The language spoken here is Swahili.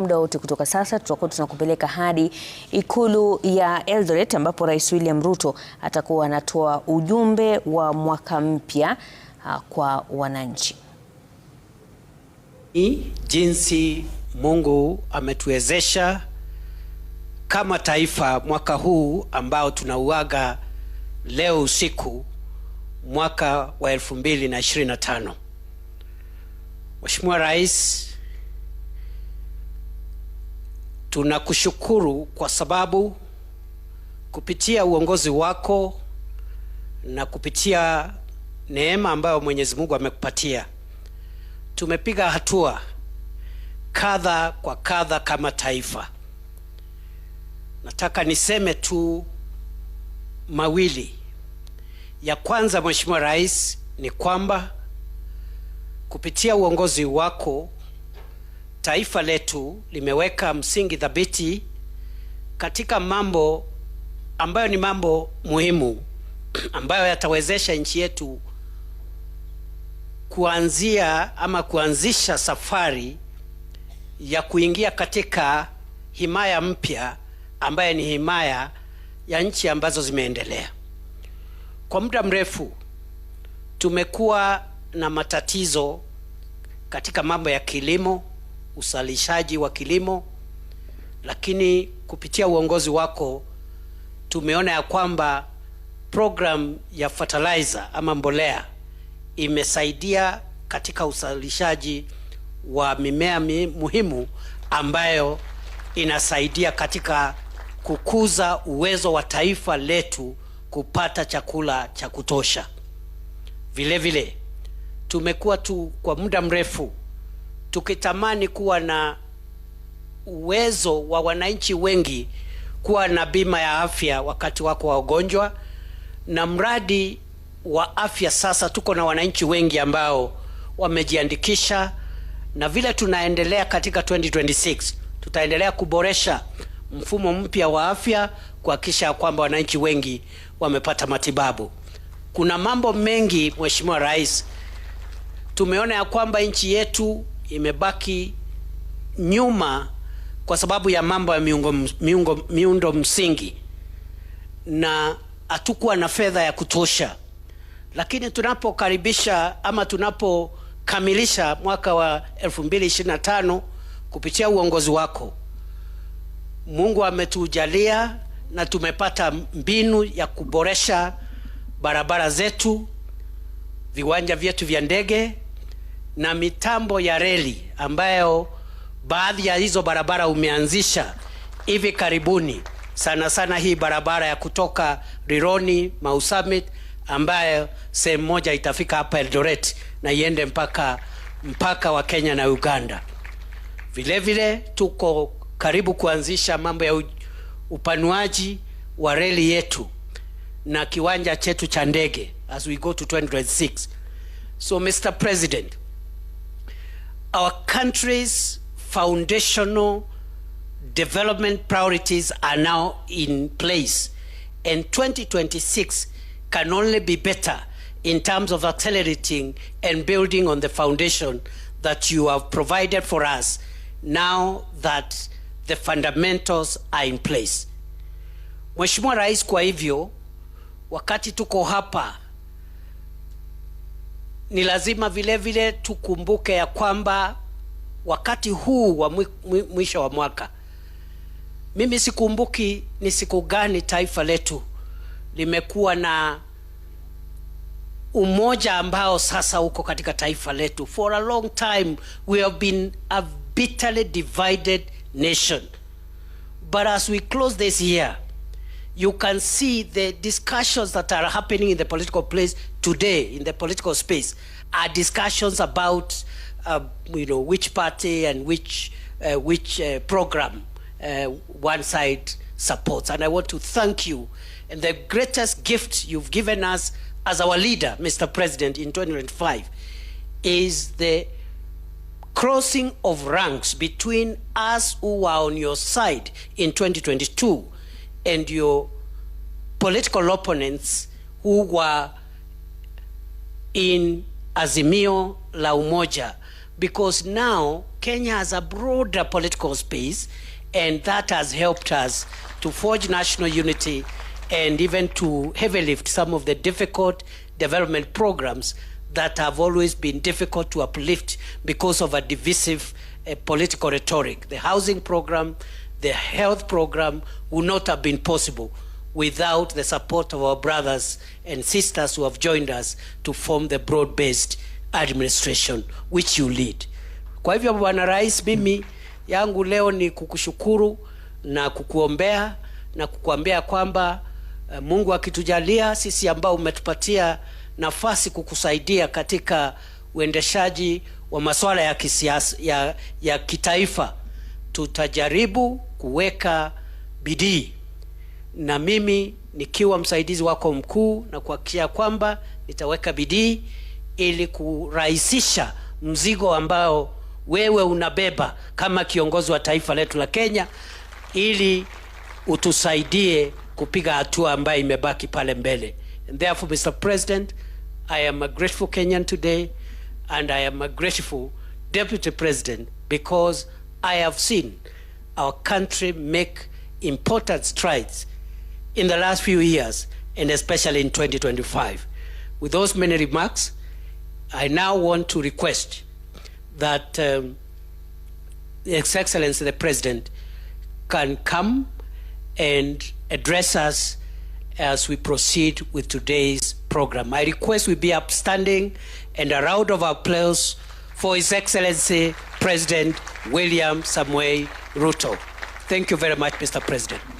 Muda wote kutoka sasa tutakuwa tunakupeleka hadi ikulu ya Eldoret ambapo Rais William Ruto atakuwa anatoa ujumbe wa mwaka mpya uh, kwa wananchi. Jinsi Mungu ametuwezesha kama taifa mwaka huu ambao tunauaga leo usiku mwaka wa 2025. Mheshimiwa Rais Tunakushukuru kwa sababu kupitia uongozi wako na kupitia neema ambayo Mwenyezi Mungu amekupatia tumepiga hatua kadha kwa kadha kama taifa. Nataka niseme tu mawili. Ya kwanza, Mheshimiwa Rais, ni kwamba kupitia uongozi wako taifa letu limeweka msingi thabiti katika mambo ambayo ni mambo muhimu ambayo yatawezesha nchi yetu kuanzia ama kuanzisha safari ya kuingia katika himaya mpya ambayo ni himaya ya nchi ambazo zimeendelea. Kwa muda mrefu tumekuwa na matatizo katika mambo ya kilimo, usalishaji wa kilimo, lakini kupitia uongozi wako tumeona ya kwamba program ya fertilizer ama mbolea imesaidia katika usalishaji wa mimea muhimu ambayo inasaidia katika kukuza uwezo wa taifa letu kupata chakula cha kutosha. Vile vile tumekuwa tu kwa muda mrefu tukitamani kuwa na uwezo wa wananchi wengi kuwa na bima ya afya wakati wako wa ugonjwa, na mradi wa afya sasa tuko na wananchi wengi ambao wamejiandikisha, na vile tunaendelea katika 2026 tutaendelea kuboresha mfumo mpya wa afya kuhakikisha ya kwamba wananchi wengi wamepata matibabu. Kuna mambo mengi, Mheshimiwa Rais, tumeona ya kwamba nchi yetu imebaki nyuma kwa sababu ya mambo ya miungo, miungo, miundo msingi na hatukuwa na fedha ya kutosha, lakini tunapokaribisha ama tunapokamilisha mwaka wa 2025 kupitia uongozi wako Mungu ametujalia na tumepata mbinu ya kuboresha barabara zetu, viwanja vyetu vya ndege na mitambo ya reli ambayo baadhi ya hizo barabara umeanzisha hivi karibuni, sana sana hii barabara ya kutoka Rironi Mau Summit ambayo sehemu moja itafika hapa Eldoret na iende mpaka mpaka wa Kenya na Uganda. Vilevile vile, tuko karibu kuanzisha mambo ya upanuaji wa reli yetu na kiwanja chetu cha ndege as we go to 2026. So Mr. President, our country's foundational development priorities are now in place and 2026 can only be better in terms of accelerating and building on the foundation that you have provided for us now that the fundamentals are in place. Mheshimiwa Rais, kwa hivyo wakati tuko hapa ni lazima vile vile tukumbuke ya kwamba wakati huu wa mwisho wa mwaka, mimi sikumbuki ni siku gani taifa letu limekuwa na umoja ambao sasa uko katika taifa letu. For a long time we have been a bitterly divided nation but as we close this year you can see the discussions that are happening in the political place today, in the political space, are discussions about, uh, you know, which party and which, uh, which uh, program uh, one side supports. And I want to thank you. And the greatest gift you've given us as our leader, Mr. President, in 2005, is the crossing of ranks between us who were on your side in 2022 and your political opponents who were in Azimio la Umoja because now Kenya has a broader political space and that has helped us to forge national unity and even to heavy lift some of the difficult development programs that have always been difficult to uplift because of a divisive uh, political rhetoric. The housing program, the health program would not have been possible without the support of our brothers and sisters who have joined us to form the broad-based administration which you lead. Kwa hivyo Bwana Rais, mimi yangu leo ni kukushukuru na kukuombea na kukuambia kwamba eh, Mungu akitujalia sisi ambao umetupatia nafasi kukusaidia katika uendeshaji wa masuala ya kisiasa ya, ya kitaifa tutajaribu kuweka bidii na mimi nikiwa msaidizi wako mkuu, na kuhakikisha kwamba nitaweka bidii ili kurahisisha mzigo ambao wewe unabeba kama kiongozi wa taifa letu la Kenya, ili utusaidie kupiga hatua ambayo imebaki pale mbele. And therefore, Mr. President, I am a grateful Kenyan today and I am a grateful Deputy President because I have seen our country make important strides in the last few years and especially in 2025. With those many remarks, I now want to request that um, His Excellency the President can come and address us as we proceed with today's program. I request we be upstanding and a round of applause for His Excellency President William Samuel Ruto. Thank you very much, Mr. President.